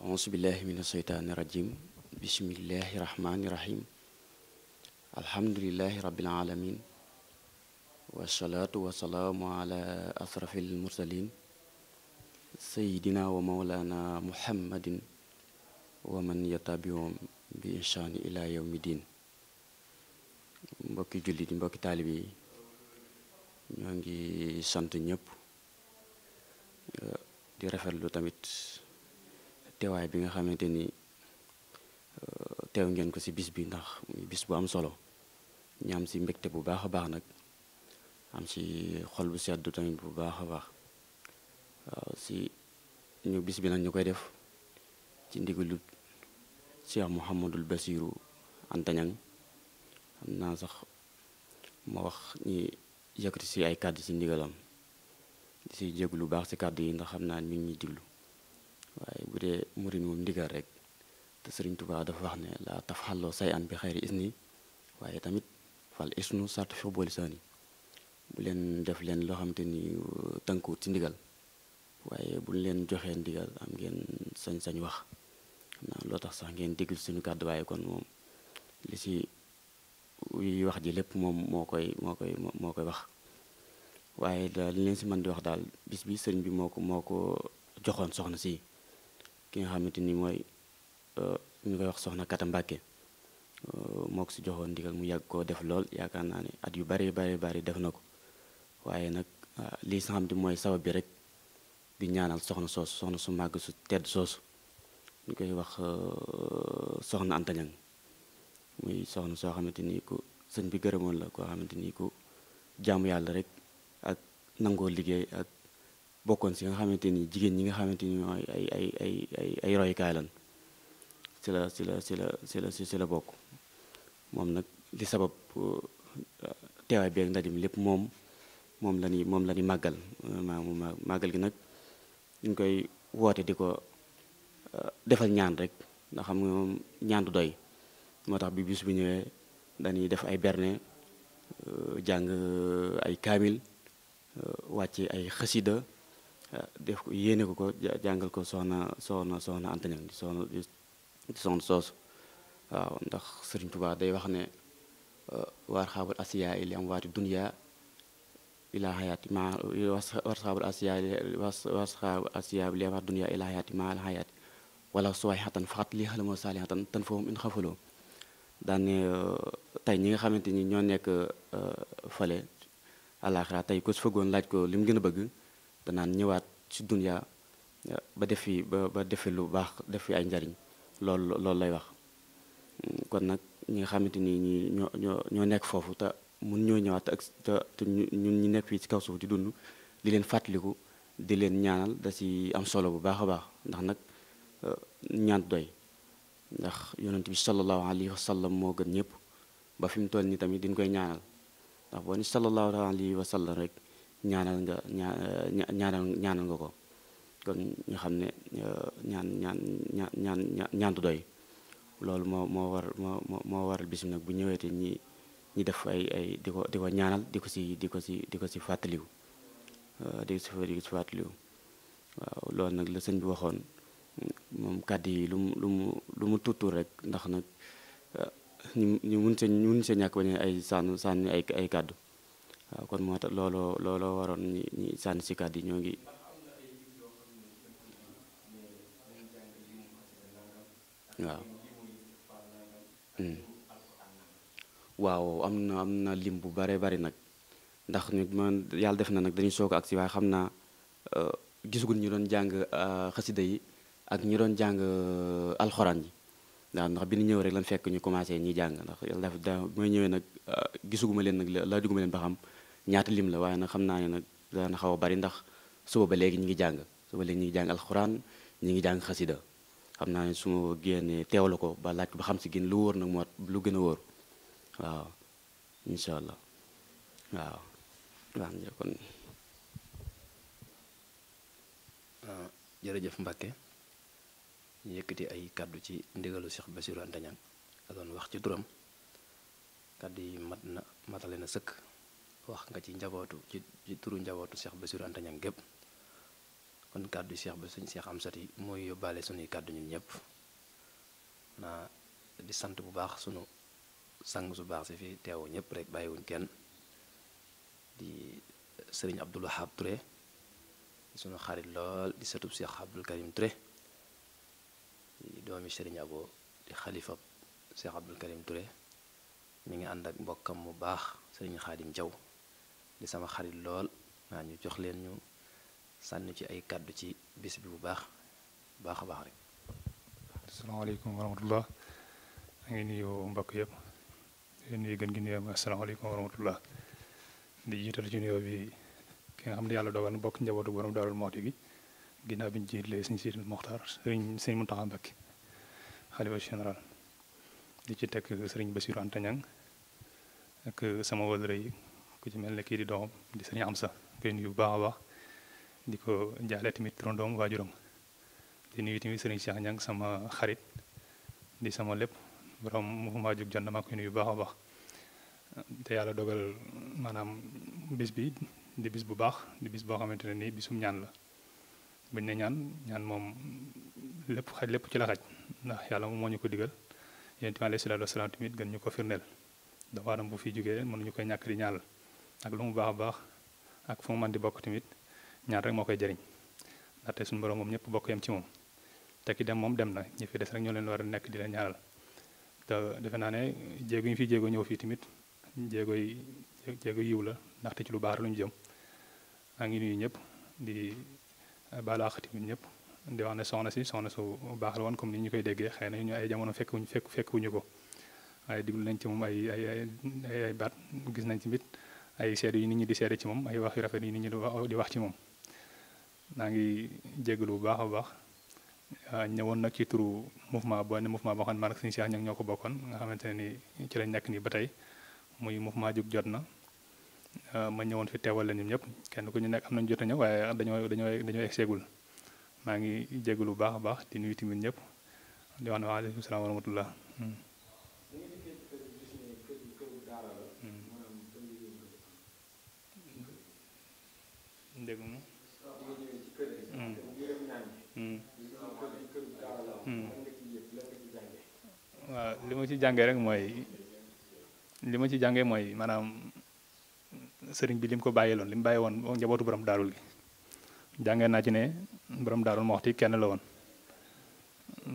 auzu billahi mina sheytaani rajim bismillahi rahmaani rahim alhamdulillahi rabbil alamin wasalaatu wasalaamu ala asrafil mursalin sayidina wa mawlana muhammadin wa man yatabiwom bi insaani ila yawmi diin mbokki jullit yi mbokki taalib yi ñoo sant ñëpp di rafetlu tamit teewaay bi nga xamante ni euh, teew ngeen ko ci bis bi ndax bis bu am solo ñu si ci bu baax a baax nag am si xol bu sedd tamit bu baax a baax waaw euh, ci ñu bis bi nag ñu koy def ci ndigg lu Cheikh Mouhamadul Basiru Antañang am naa sax ma wax ñi yëkkati si ay kàdd si ndigalam di ci jéglu lu baax si kàdd yi ndax xam naa ni ñu ngi diglu waaye bu dee murid moom ndigal rek te sëriñ Tuubaa dafa wax ne laa taf xalloo say an bi xayri isni waaye tamit fal isnu sartu fi boolisaani bu leen def leen loo xam te ni tënkuwut ci ndigal waaye bu leen joxee ndigal am ngeen sañ-sañ wax naa loo tax sax ngeen déglu suñu kàddu waaye kon moom li ci wax ji lépp moom moo koy moo koy moo koy wax waaye daal li leen ci mën di wax daal bis bi sëriñ bi moo ko moo ko joxoon soxna si ki nga xamante nii mooy euh, ñu koy wax soxna Kata Mbàkke euh, moo ko si joxoon ndigal mu yàgg koo def lool yaakaar naa ne at yu bari bari bari def na ko waaye nag euh, lii sa xam mooy sabab bi rek di ñaanal soxna soosu soxna su màgg su tedd soosu ñu koy wax soxna Anta Ñaŋ muy soxna soo xamante ni ku sëñ bi gërëmoon la koo xamante ni ku jaamu yàlla rek ak nangoo liggéey ak bokkoon si nga xamante ni jigéen ñi nga xamante ni mooy ay ay ay ay ay royukaay lan si la si la si la si la bokk moom nag li sabab uh, teewaay bi ak mi lépp moom moom la moom la ñuy màggal maanaam màggal gi nag ñu koy woote di ko uh, defal ñaan rek ndax xam nga moom ñaan du doy moo tax bi bis bu ñëwee dañuy def ay berne uh, jàng ay kaamil wàcce ay xasida def ko yéene ko ko jàngal ko soxna soxna soxna Anta soxna soosu waaw ndax Sëriñ Tuubaa day wax ne war xaabul asiya ili am waati dunya ila xayaati ma war xaabul asiya war xaabul asiya li am waati dunya ila xayaati ma la xayaati wala suwaay xatan faxat lii saali xatan tan foofu in xafaloo daane tey ñi nga xamante ni ñoo nekk fale àllaaxira tey ku su fëggoon laaj ko li mu gën a bëgg danaan ñëwaat ci dunya eh, ba def fi ba ba lu baax def fi ay njariñ loolu loolu lay wax mm, kon nag ñi nga xamante ni ñi ñoo ñoo nekk foofu te mun ñoo ñëwaat ak te ñun ñu nekk fii ci kaw suuf di dund di leen fàttaliku di leen ñaanal da ci am solo bu baax a baax ndax nag eh, ñaan doy ndax yonent bi sallallahu alayhi wa sallam moo gën ñëpp ba fi mu toll nii tamit diñ koy ñaanal ndax boo ni sallallahu alayhi wa sallam rek ñaanal nga ñaanal ñaanal nga ko kon ñu xam ne euh, ñaan ñaan ñaan ñaan ñaan du doy loolu moo moo war moo waral bis nag bu ñëwee te ñi ñi def ay ay di ko di ñaanal di ko si di ko si di ko si fàttaliwu euh, di si waaw loolu nag la sëñ bi waxoon moom kàdd yi lu mu lu mu lu rek ndax nag euh, ñu ñu mun sa ñu mun sa ñàkk bañ ay sànnu sànni ay ay kàddu waaw kon moo tax looloo looloo waroon ñi sànni si yi ñoo ngi waaw hmm. waaw am na am na lim bu bare bari nag ndax ñu man yàlla def na nag dañu soog ak agsi waaye xam naa euh, gisaguñ ñu doon jàng euh, xasida yi ak ñu doon jàng euh, alxoraan yi waaw ndax bi nu ñëw rek lan fekk ñu commencé ñi jàng ndax yàlla def da mooy ñëwee nag gisuguma leen nag laajuguma leen ba xam ñaata lim la waaye nag xam naa ne nag dana xaw a bari ndax suba ba léegi ñu ngi jàng suba léegi ñu ngi jàng alxuraan ñu ngi jàng xasida xam naa ne su ma génnee teewlu ko ba laaj ba xam si gën lu wóor nag moo lu gën a wóor waaw waaw waaw kon ah, ñu yëkkati ay kàddu ci ndigalu Cheikh Bassirou Antaña la doon wax ci turam kàddu yi mat na matale na sëkk wax nga ci njabootu ci ci turu njabootu Cheikh Bassirou Anta Niang gépp kon kàddu Cheikh ba suñ Cheikh Amsati mooy yóbbaale sunuy kàddu ñun ñëpp naa di sant bu baax sunu sang su baax si fi teewu ñëpp rek bàyyiwuñ kenn di sëriñ Abdou Wahab Touré sunu xarit lool di sëtub Cheikh Abdoul Karim Touré di doomi sëriñ Abo di xalifa Cheikh Abdoul Karim ture mi ngi ànd ak mbokkam mu baax sëriñ Xaadim Jaw di sama xarit lool waa ñu jox leen ñu sànni ci ay kàddu ci bis bi bu baax baax a baax rek. asalaamaaleykum wa rahmatullah a ngi nuyu mbokk yëpp di nuyu gën gi nuyu di jiital ci nuyoo bi ki xam ne yàlla dogal na bokk njabootu borom Daaru Muxti gi ginnaaw bi ñu jiitlee suñu Sidi Moxtaar sëriñ sëriñ Muntaxa Mbakke xalifa général di ci tekk sëriñ Basiru Anta ak sama wëlëre yi ku ci mel ni kii di doomam di sëñ Amsa koy nuyu bu baax a baax di ko jaale tamit turandoom waajuram di nuyu tamit sëriñ Cheikh Niang sama xarit di sama lépp borom mouvement jug jot na maa koy nuyu bu baax a baax te yàlla dogal maanaam bis bi di bis bu baax di bis boo xamante ne nii bisum ñaan la buñ ne ñaan ñaan moom lépp xaj lépp ci la xaj ndax yàlla moom moo ñu ko digal yonent bi alayhi salaatu wasalaam tamit gën ñu ko firndeel doomu aadama bu ñàkk di ñaanal ak lu mu baax a baax ak fu mu di bokk tamit ñaan rek moo koy jariñ ndaxte suñu borom moom ñëpp bokk yam ci moom tekki dem moom dem na ñi fi des rek ñoo leen war a nekk di leen ñaanal te defe naa ne jéego ñu fi jéego ñëw fii tamit jéego yi jéego yiw la ndaxte ci lu baax lu ñu jëm maa ngi nuyu ñëpp di baalu àq tamit ñëpp di wax ne soxna si soxna su baax la woon comme ni ñu koy déggee xëy na ay jamono fekk wuñu fekk wuñu ko waaye diglu nañ ci moom ay ay gis nañ ci bit ay seede yu nit ñi di seede ci moom ay wax yu rafet yu nit ñi di wax ci moom maa ngi jégalu bu baax a baax ah, ñëwoon nag ci turu mouvement boo ne mouvement boo xam ne man ak suñu Cheikh ñoo ko bokkoon nga xamante ne ni ci lañ nekk nii ba tey muy mouvement jug jot na ah, ma ñëwoon fi teewal la ñun ñëpp kenn ku ñu nekk am nañu jot a waaye dañoo dañoo dañoo egseegul maa ngi jégalu bu baax a baax di nuyu tamit ñëpp di wax ne waaleykum salaam wa rahmatullah hmm. dégg li ma ci jàngee rek mooy li ma ci jàngee mooy maanaam sëriñ bi li ko bàyyi loon li bàyyi woon njabootu borom daarul gi jàngee naa ci ne borom daarul moxti kenn la woon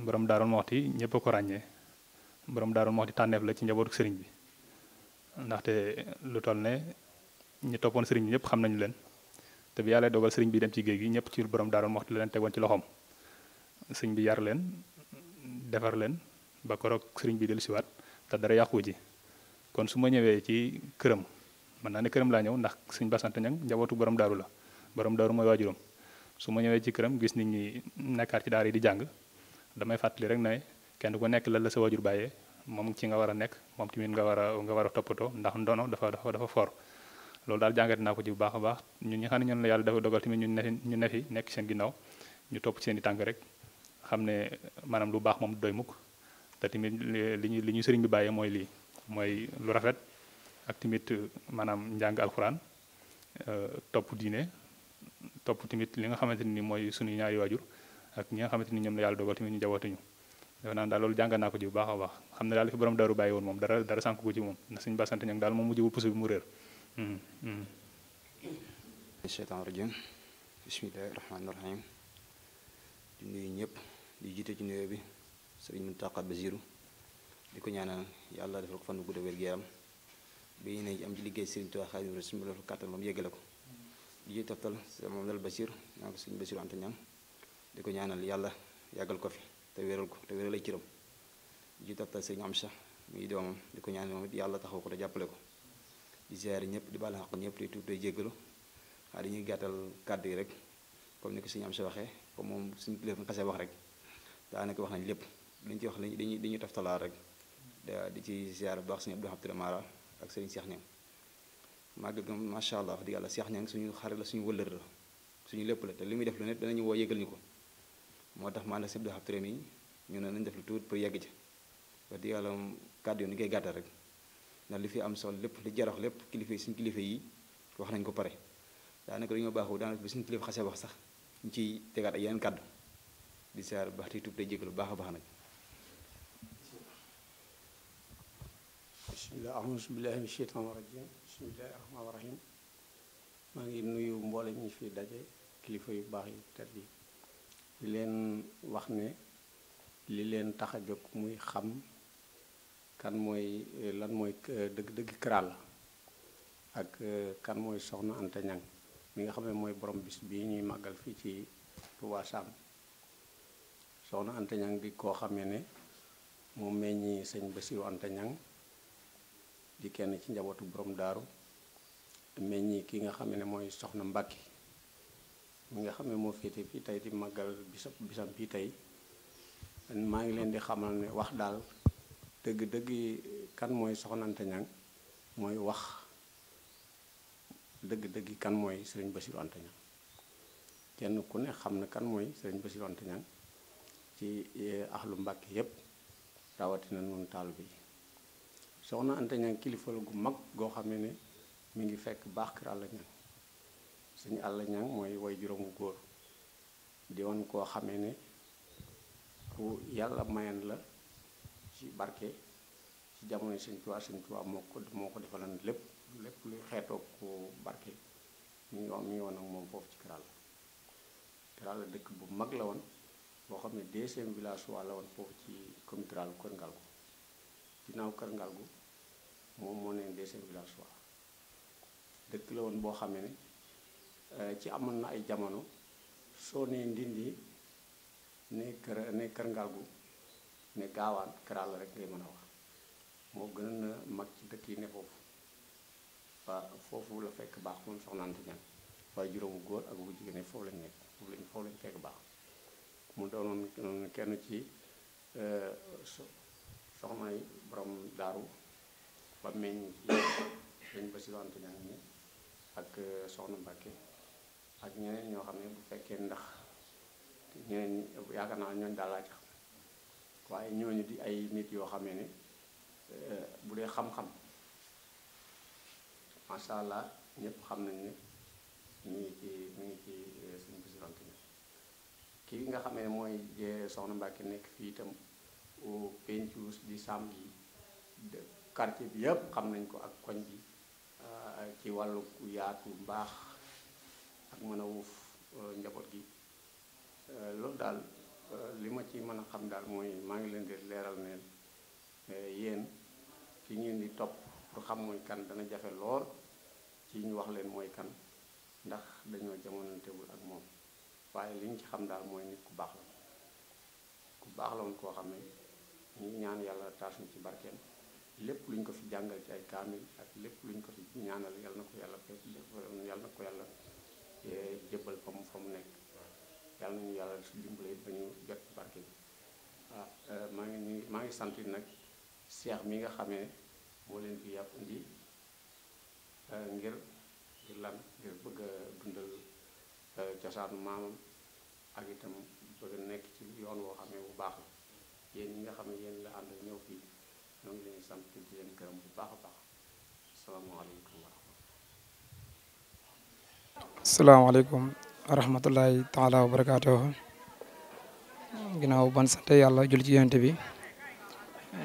borom daarul moxti ñëpp ko ràññee borom daarul moxti tànneef la ci njabootu sëriñ bi ndaxte lu toll ne ñu toppoon sëriñ bi ñëpp xam nañu leen te bi yàlla dogal sëriñ bi dem ci géej gi ñëpp ci borom daaru moxti la leen tegoon ci loxoom sëriñ bi yar leen defar leen ba koroog sëriñ bi dellu siwaat te dara yàqu ji kon su ma ñëwee ci këram mën naa ne këram laa ñëw ndax sëriñ basante ñang njabootu borom daaru la borom daaru mooy waajuram su ma ñëwee ci këram gis nit ñi nekkaat ci daara yi di jàng damay fàttali rek ne kenn ku nekk lan la sa waajur bàyyee moom ci nga war a nekk moom tamit nga war a war a toppatoo ndax ndono dafa dafa dafa fort loolu daal jàngat naa ko ci bu baax a baax ñun ñi xam ne ñun la yàlla dafa dogal ñu ne ñu nekk seen ginnaaw ñu topp seen tànk rek xam ne maanaam lu baax moom doy mukk te li ñu li ñu sëriñ bi bàyyee mooy lii mooy lu rafet ak tamit maanaam njàng alxuraan euh, topp diine topp tamit li nga xamante ni mooy suñu ñaari waajur ak ñi nga xamante ni ñoom la yàlla dogal tamit ñu jabootuñu defe naa daal naa ko baax a baax xam ne daal li fi borom daaru bàyyi woon moom dara dara sànk ko ci moom na suñu basante ñangi daal moom mujjëbu pusu bi mu réer seytaan rajim bismillahi rahmaani rahim di nuyu ñëpp di jiite ci nuyoo bi sëriñ Muntaqa Basiru di ko ñaanal yàlla defal ko fan bu gudd wér gu yaram bi ne am ci liggéey sëriñ Tuubaa Xaadimu Rasuul mu defal kàttan ba ko di ci toftal moom dal Basir ñaan ko sëriñ Ñaŋ di ko ñaanal yàlla yàggal ko fi te wéral ko te wéral ay cëram di ci toftal sëriñ am sax muy doomam di ko ñaanal moom it yàlla taxaw ko te jàppale ko di ziare ñëpp di baal xaq ñëpp di tuub tey jéggalu waaye ñuy gàttal kàdd yi rek comme ni ko suñu am si waxee comme moom suñu kilifa nga xasee wax rek daanaka wax nañ lépp liñ ci wax lañ dañuy dañuy toftalaat rek di ci ziare bu baax suñu Abdou Hamid Mara ak sëriñ seex Niang magg gam macha allah wax dëgg yàlla Cheikh Niang suñu xarit la suñu wëllër la suñu lépp la te li muy def lu ne danañu woo yëgal ñu ko moo tax maanaam sëñ Abdou Hamid mi ñu ne nañ def lu tuut pour yegg ci wax dëgg yàlla kàddu yi ni koy gàttal rek ndax li fi am sol lépp li jarax lépp kilifa yi suñu kilifa yi wax nañ ko pare daanaka dañoo baaxu daanaka bi suñu kilifa xasee sax ñu ci tegaat ak yeneen kàddu di saar baax baax a baax nag bismillah auzu billahi min sheytaan rajim bismillahi maa ngi nuyu mboole ñi fi daje kilifa yu baax yu tedd yi di leen wax ne li leen tax a jóg muy xam kan mooy lan mooy euh, dëgg dëgg Kral ak euh, kan mooy Soxna Anta mi nga xam ne mooy borom bis bii ñuy màggal fii ci Touba Soxna Anta Ñang di koo xamee ne moo meññi sëñ Basiru Anta di kenn ci njabootu borom daaru meññi ki nga xam ne mooy Soxna Mbàkki mi nga xam ne moo féete fii tey di màggal bisam bisam bii tey maa ngi leen di xamal ne wax daal dëgg-dëgg kan mooy Soxna Anta Niang mooy wax dëgg-dëgg kan mooy Serigne Bassirou Anta Niang kenn ku ne xam na kan mooy Serigne Bassirou Anta Niang ci eh, axlu Mbàkke yépp rawatina nun taal bi Soxna ante Niang kilifa la gu mag goo xam ne mu ngi fekk baax kër Alla Niang suñu Alla Niang mooy way juróomu góor di woon koo xamee ne ku yàlla mayan la ci barke ci jamono sëñ Tuubaa sëñ Tuubaa moo ko moo ko defaloon lépp lépp luy xeetoo ko barke mi ngi mu ngi woon ak moom foofu ci Kerala Kerala dëkk bu mag la woon boo xam ne deuxième village waa la woon foofu ci commune moom moo neen deuxième village dëkk la woon boo xam ne euh, ci amoon na ay jamono soo nee Ndindi ne kër ne Kër Ngalgu ne gaawaan karaal rek ngay mën a wax moo gënoon a mag ci dëkk yi ne foofu waa foofu la fekk baax moom soxna Anta waaye juróomu góor ak bu jigéen ñi foofu lañ nekk foofu lañ foofu lañ fekk baax mu doonoon mm, kenn ci euh, soxna yi borom daaru ba meññ ci dañ ba si Anta ak euh, soxna Mbàkke ak ñeneen ñoo xam ne bu fekkee ndax ñeneen yaakaar naa ñooñ daal laa ci waaye ñooñu di ay nit yoo xamee ne euh, bu dee xam-xam macha allah ñëpp xam nañ ne mi ngi ci mi ngi ci suñu bisironte ni kii nga xame ne mooy soxna Mbàkke nekk fii itam au di sàmm gi quartier bi yëpp xam nañ ko ak koñ bi euh, ci wàllu yaatu mbaax ak mën a wuuf euh, njaboot gi loolu daal li ma ci mën a xam daal mooy maa ngi leen di leeral ne eh, yeen ki ngeen di topp pour xam mooy kan dana jafe lool ci ñu wax leen mooy kan ndax dañoo jamonantewul ak moom waaye li ñu ci xam daal mooy nit ku baax la ku baax la koo xam ne ñu ñaan yàlla taas ñu ci barkeem lépp luñ ko fi jàngal ci ay kaamil ak lépp luñ ko fi ñaanal yàlla na ko yàlla yàlla na ko yàlla eh, jébbal fa mu fa mu nekk yàlla nañu yàlla dimbale ba ñu jot barke bi ah, euh, maa ngi nuyu maa ngi sant nag seex mi nga xamee boo leen fi yàpp indi euh, ngir ngir lan ngir bëgg a dundal euh, cosaanu maamam ak itam bëgg a nekk ci yoon woo xamee bu baax la yéen ñi nga xam ne yéen la ànd ñëw fii ñoo ngi leen sant di leen gërëm bu baax a baax asalaamaaleykum wa rahmatulah. asalaamaaleykum. rahmatullahi taala wa barakaatuhu ginnaaw ban sant yàlla jul ci yonent bi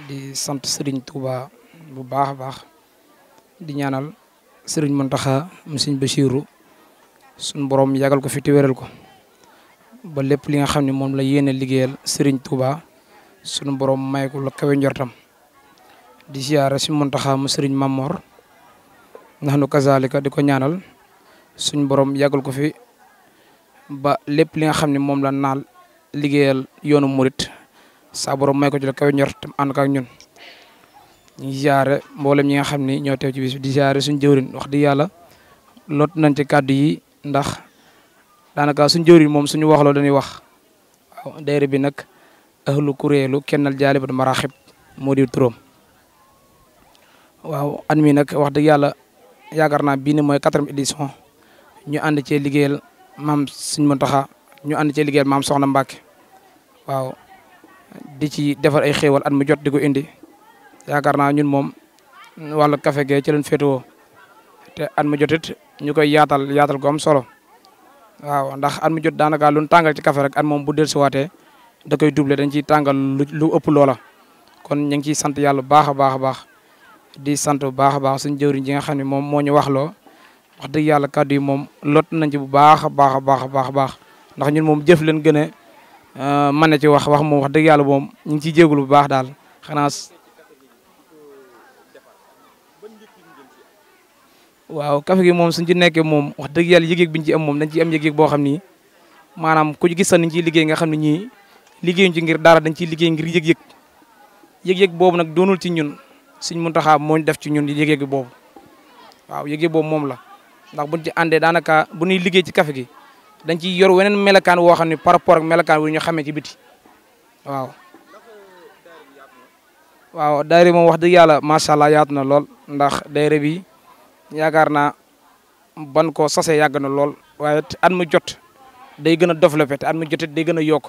di sant Serigne Touba bu baax a baax di ñaanal Serigne Mountakha mu Serigne Bassirou suñ borom yàggal ko fi te wéral ko ba lépp li nga xam ne moom la yéene liggéeyal Serigne Touba sunu borom may ko la kawe njortam di ziyaara si Mountakha mu Serigne Mamor ndax nu kazalika di ko ñaanal suñ borom yàggal ko fi ba lépp li nga xam ne moom la naal liggéeyal yoonu murit saa borom may ko ci la kaw ñor tam ànd ak ñun. ñu ngi ziare mboolem ñi nga xam ne ñoo teew ci bis di ziare suñu jëwriñ wax di yàlla lot nañ ci kàddu yi ndax daanaka suñu jëwriñ moom suñu wax loo dañuy wax. waaw daayira bi nag ahlu kuréelu kennal jaalibat maraxib moo di turam waaw at mi nag wax dëgg yàlla yaakaar naa bii ni mooy quatrième édition ñu ànd cee liggéeyal maam Sëñ Muntaxa ñu ànd ci liggéeyal maam Soxna Mbacke waaw di ci defar ay xéewal at mu jot di ko indi yaakaar naa ñun moom wàllu kafe ge ci leen féetewoo te at mu jot ñu koy yaatal yaatal ko am solo waaw ndax at mu jot daanaka lu tàngal ci café rek at moom bu dellusiwaatee da koy doublé dañ ciy tàngal lu ëpp loola. kon ñu ngi ciy sant yàlla bu baax a baax a baax di sant bu baax a baax suñu jëwriñ ji nga xam ne moom moo ñu waxloo wax dëgg yàlla kàddu yi moom lot nañ ci bu baax a baax a baax a baax a baax ndax ñun moom jëf leen gën a euh, mën na ci wax wax moom wax dëgg yàlla moom ñu ngi ciy jéegul bu baax daal xanaa waaw café gi moom suñ ci nekkee wax dëgg yàlla yëg-yëg biñ ci am moom dañ ciy am yëg boo xam ni maanaam ku gis sax niñ ciy liggéey nga xam ne ñii liggéeyuñ ci ngir dara dañ ciy liggéey ngir yëg-yëg yëg-yëg boobu nag doonul ci ñun suñ xaam mooñ def ci ñun yëg-yëg boobu waaw yëg boobu moom la ndax bu buñ ci àndee daanaka bu ñuy liggéey ci kafe gi dañ ciy yor weneen melakaan woo xam ne par rapport ak melakaan wi ñu xamee ci biti waaw. waaw daayira moom wax dëgg yàlla macha allah yaatu na lool ndax daayira bi yaakaar naa ban ko sase yàgg na lool waaye at mu jot day gën a développé te at jot day gën a yokk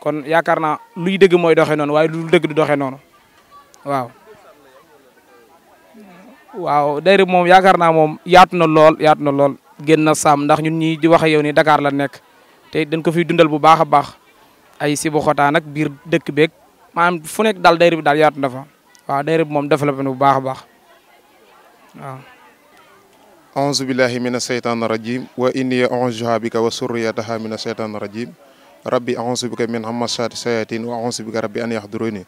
kon yaakaar naa luy dëgg mooy doxee noonu waaye lu dëgg du doxee noonu waaw. waaw dayra moom yaakaar naa moom yaatu na lool yaatu na lool génn na saam ndax ñun ñii di wax yow ni Dakar la nekk te dañ ko fiy dundal bu baax a baax ay Sibaxotaan ak biir dëkk beeg maanaam fu nekk daal dayra bi daal yaatu na fa waaw dayra bi moom développé na bu baax a baax waaw aouzu billahi min asheytaan rajim wa inni aouzuha bika wa surriyataha min asheytaan rajim rabbi aouzu bika min hamasati sayatin wa aouzu bika rabbi an yahduruni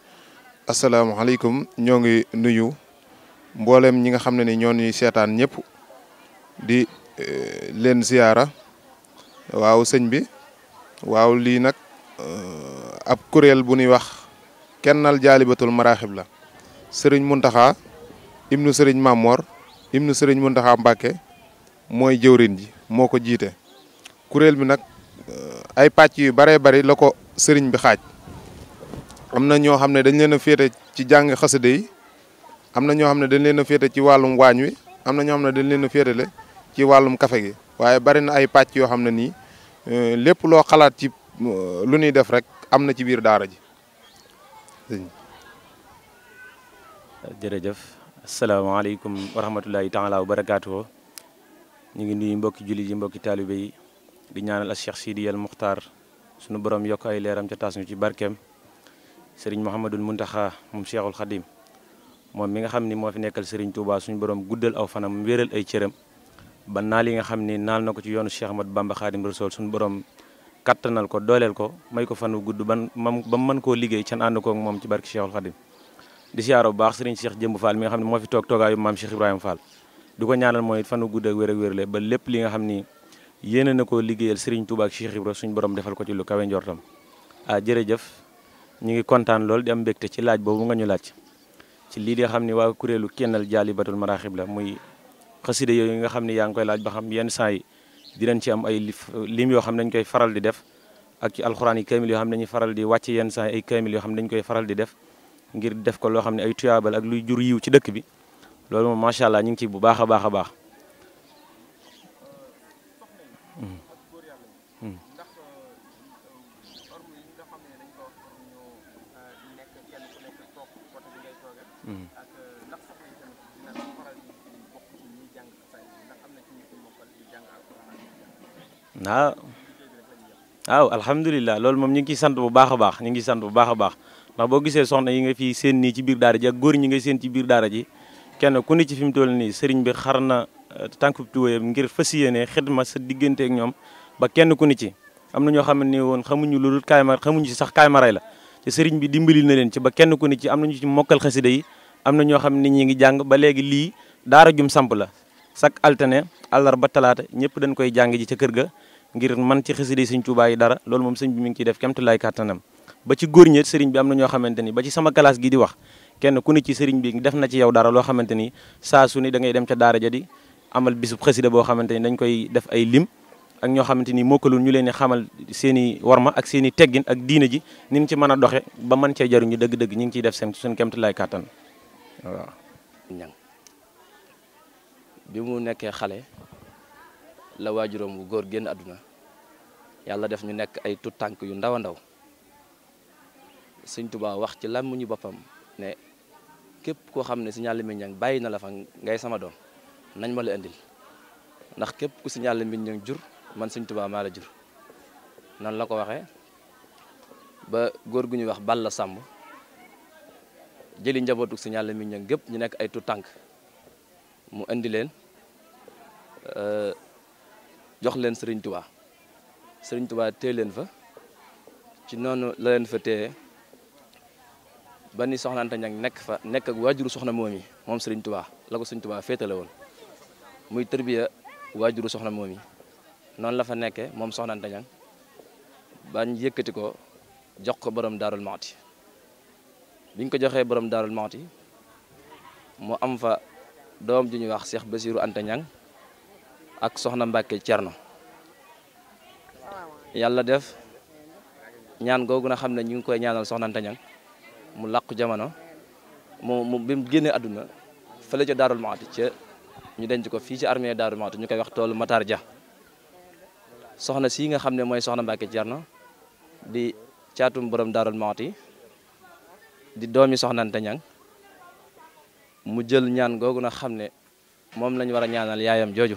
asalaamaaleykum ñoo ngi nuyu mboolem ñi nga xam ne ni ñoo ñuy seetaan ñëpp di eh, leen ziyaara waaw sëñ bi waaw lii nag eh, ab kuréel bu ñuy wax kennal jaalibatul maraaxib la sëriñ Muntaxa ibnu sëriñ Mamor ibnu sëriñ Muntaxa Mbàkke mooy jëwrin ji moo ko jiite kuréel bi nag eh, ay pàcc yu baree bari la ko sëriñ bi xaaj am na ñoo xam ne dañ leen a féete ci jàng xasida am na ñoo xam ne dañ leen a féete ci wàllum waañ wi am na ñoo xam ne dañ leen a le ci wàllum kafe gi waaye bari na ay pàcc yoo xam ne nii euh, lépp loo xalaat ci euh, lu ñuy def rek am na ci biir daara ji. jërëjëf asalaamaaleykum wa rahmatulahi taala wa barakaatu ñu ngi nuyu mbokki julli ci mbokki taalibe yi di ñaanal as Cheikh Sidi al Muxtaar sunu borom yokk ay leeram ca taas ñu ci barkeem Serigne Mouhamadul Muntaxa moom Cheikhul moom mi nga xam ni moo fi nekkal Serigne Touba suñu borom guddal aw fanam wéral ay cëram ba naa li nga xam ni naal na ko ci yoonu Cheikh Ahmad Bamba Khadim Rasoul suñu borom kattanal ko dooleel ko may ko fan wu gudd ban mam ba mën koo liggéey ca ànd koog moom ci barke Cheikhul Khadim di siyaaro bu baax Serigne Cheikh Jëmb faal mi nga xam ne moo fi toog toogaayu maam Cheikh Ibrahima faal di ko ñaanal mooy fan wu gudd ak wér ak wérle ba lépp li nga xam ni yéene na koo liggéeyal Serigne Touba ak Cheikh Ibrahima suñu borom defal ko ci lu kawe njortam ah jërëjëf ñu ngi kontaan lool di mbégte ci laaj boobu nga ñu laaj ci lii di xam ni waa kuréelu kennal jaalibatul maraaxib la muy xasida yooyu nga xam ni yaa ngi koy laaj ba xam yenn saa yi dinañ ci am ay lim yoo xam dañ koy faral di def ak ci alxuraan yi kaamil yoo xam dañuy faral di wàcc yenn saa yi ay kaamil yoo xam dañ koy faral di def ngir def ko loo xam ne ay tuyaabal ak luy jur yiw ci dëkk bi loolu moom macha allah ñu ngi ci bu baax a baax a baax. Euh, euh, euh, kenn ku hmm. euh, ah. lool moom ñi ngi ciy sant bu baax baax ñu ngi sant bu baax a baax ndax boo gisee soxna yi nga fi seen nii ci biir daara ji ak góor ñi ngay seen ci biir daara ji kenn ku ne ci fi mu toll nii sëriñ bi xar na euh, tànku tuwéyam ngir fas yéene xidma sa diggante ak ñoom ba kenn ku ne ci am na ñoo xam ne woon xamuñu lu dul kaay ma xamuñu sax kaay ma la te sëriñ bi dimbali na leen ci ba kenn ku ne ci am na nañu ci mokkal xasida yi am na ñoo xam ne ñi ngi jàng ba léegi lii daara jum samp la chaque altine ba talaata ñëpp dañ koy jàng ji ca kër ga ngir man ci xasida yi sëñ Tuubaa dara loolu moom sëñ bi mi ngi ciy def kémtu lay kàttanam ba ci góor ñeet sëriñ bi am na ñoo xamante ni ba ci sama classe gi di wax kenn ku ne ci sëriñ bi def na ci yow dara loo xamante ni saa su ne da ngay dem ca daara ja di amal bisub xasida boo xamante ni dañ koy def ay lim ak ñoo xamante ni mokkalul ñu leen di xamal seeni war ma ak seeni teggin ak diina ji ni ci mën a doxe ba man cee jariñu dëgg-dëgg ñu ngi ciy def seen suñu kéemtalaay kàttan waaw. ñang bi mu nekkee xale la waajuram wu góor génn àdduna yàlla def ñu nekk ay tut tànk yu ndaw a ndaw Sëñ Tuubaa wax ci làmmiñu boppam ne képp koo xam ne si ñàll mi bàyyi na la fa ngay sama doom nañ ma la indil ndax képp ku si ñàll mi ñang jur. man sëñ Tuubaa maa la jur noonu la ko waxee ba góor gu ñuy wax Balla Sàmb jëli njabootu si ñàll mi ñëng gépp ñu nekk ay tu tànk mu indi leen euh, jox leen sëriñ Tuubaa sëriñ Tuubaa téye leen fa ci noonu la leen fa téye ba ni soxna Anta nekk fa nekk ak waajuru soxna moom yi moom sëriñ Tuubaa la ko sëriñ Tuubaa féetale woon muy tërbiya waajuru soxna moom yi noonu la fa nekkee moom soxna Anta Niang bañ yëkkati ko jox ko borom daarul Mouhty biñ ko joxee boroom daarul Mouhty mu am fa doom ju ñuy wax Cheikh Bassirou Anta Niang ak soxna Mbacke Thierno yàlla def ñaan googu na xam ne ñu ngi koy ñaanal soxna Anta mu làqu jamono mu mu bi mu génnee àdduna fële ca daarul Mouhty ca ñu denc ko fii ci armée daarul Mouhty ñu koy wax toolu mataar Dia soxna sii nga xam ne mooy soxna Mbacke Thierno di caatum borom Darou Mouhty di doomi soxna Anta mu jël ñaan googu na xam ne moom lañ war a ñaanal yaayam jooju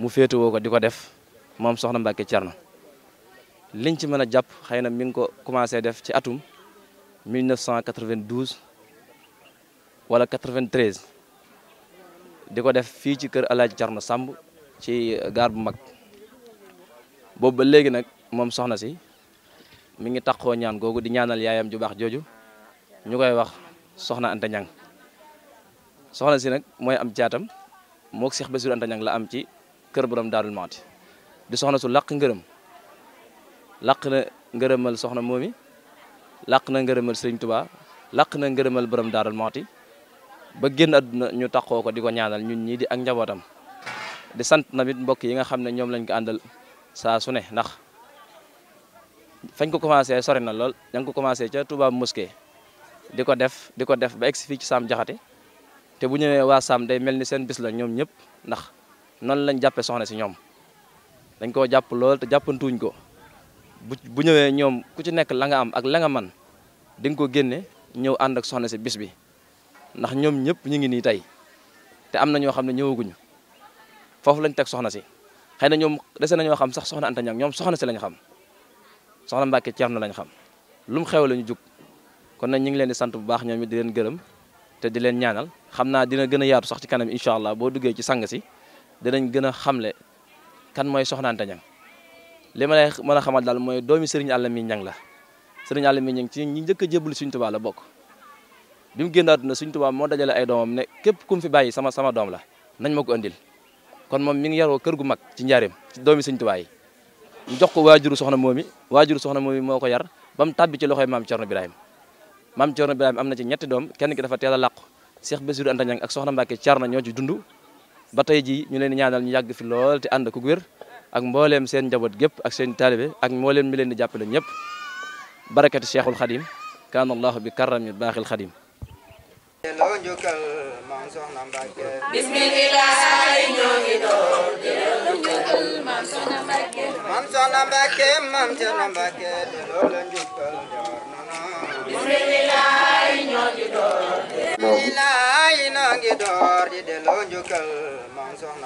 mu féetewoo ko di ko def moom soxna Mbacke Thierno liñ ci mën a jàpp xëy na mi ngi ko commencé def ci atum 1992 wala 93 di ko def fii ci kër Alaaji Thierno Samb ci gaar bu mag boobu ba léegi nag moom soxna si mi ngi taxoo ñaan googu di ñaanal yaayam ju baax jooju ñu koy wax soxna Anta Ñang soxna si nag mooy am jaatam moog Seex Basiru la am ci kër borom Daarul Muxti di soxna su lakk ngërëm làq na ngërëmal soxna moomi làq na ngërëmal Sëriñ Tuubaa làq na ngërëmal borom Daarul Muxti ba génn àdduna ñu taxoo ko di ko ñaanal ñun ñii di ak njabootam di sant namit mbokk yi nga xam ne ñoom lañ ko àndal saa su ne ndax fañ ko commencé sori na lool ña ko commencé ca Touba Mosquée di ko def di ko def ba egsi fii ci Sam Jaxate te bu ñëwee waa Sam day mel ni seen bis la ñoom ñëpp ndax noonu lañ jàppee soxna si ñoom dañ koo jàpp lool te jàppantuuñ ko bu bu ñëwee ñoom ku ci nekk la nga am ak la nga man di nga ko génne ñëw ànd ak soxna si bis bi ndax ñoom ñëpp ñu ngi nii tey te am na ñoo xam ne ñëwaguñu foofu lañ teg soxna si xëy na ñoom dese nañoo xam sax soxna Anta Niang ñoom soxna si lañ xam soxna Mbacke Thierno lañ xam lu mu xew la ñu jug kon nag ñu ngi leen di sant bu baax ñoom it di leen gërëm te di leen ñaanal xam naa dina gën a yaatu sax ci kanam incha allah boo duggee ci sang si danañ gën a le kan mooy soxna Anta Niang li ma lay mën a xamal daal mooy doomi Serigne Alamy Niang la Serigne mi Niang ci ñu njëkk a jébbalu Serigne Touba bokk bi mu génn àdduna Serigne Touba moo dajale ay doomam ne képp ku mu bàyyi sama sama doom la nañ ma ko andil kon moom mi ngi yaroo kër gu mag ci njaareem ci doomi sëñ Tuubaa yi ñu jox ko waajuru soxna moomi waajuru soxna moomi moo ko yar ba mu loxo ci loxoy maam Cerno Birahim maam Cerno Birahim am na ci ñetti doom kenn ki dafa teel a làqu Cheikh Bassirou Anta Niang ak soxna Mbacke Cerno ñoo ci dund ba tey ji ñu leen di ñaanal ñu yàgg fi lool te ànd ku wér ak mbooleem seen njaboot gépp ak seen taalibe ak mbooleem mi leen di jàppale ñëpp barakati Cheikhul Khadim kaana allahu bi karami baaxil Khadim soxna Mbàkke bismillah ñoo ngi door di loolu njukkal maam soxna Mbàkke maam soxna Mbàkke maam soxna Mbàkke di loolu njukkal door nana bismillah ñoo ngi door bismillah ñoo ngi door di loolu njukkal maam soxna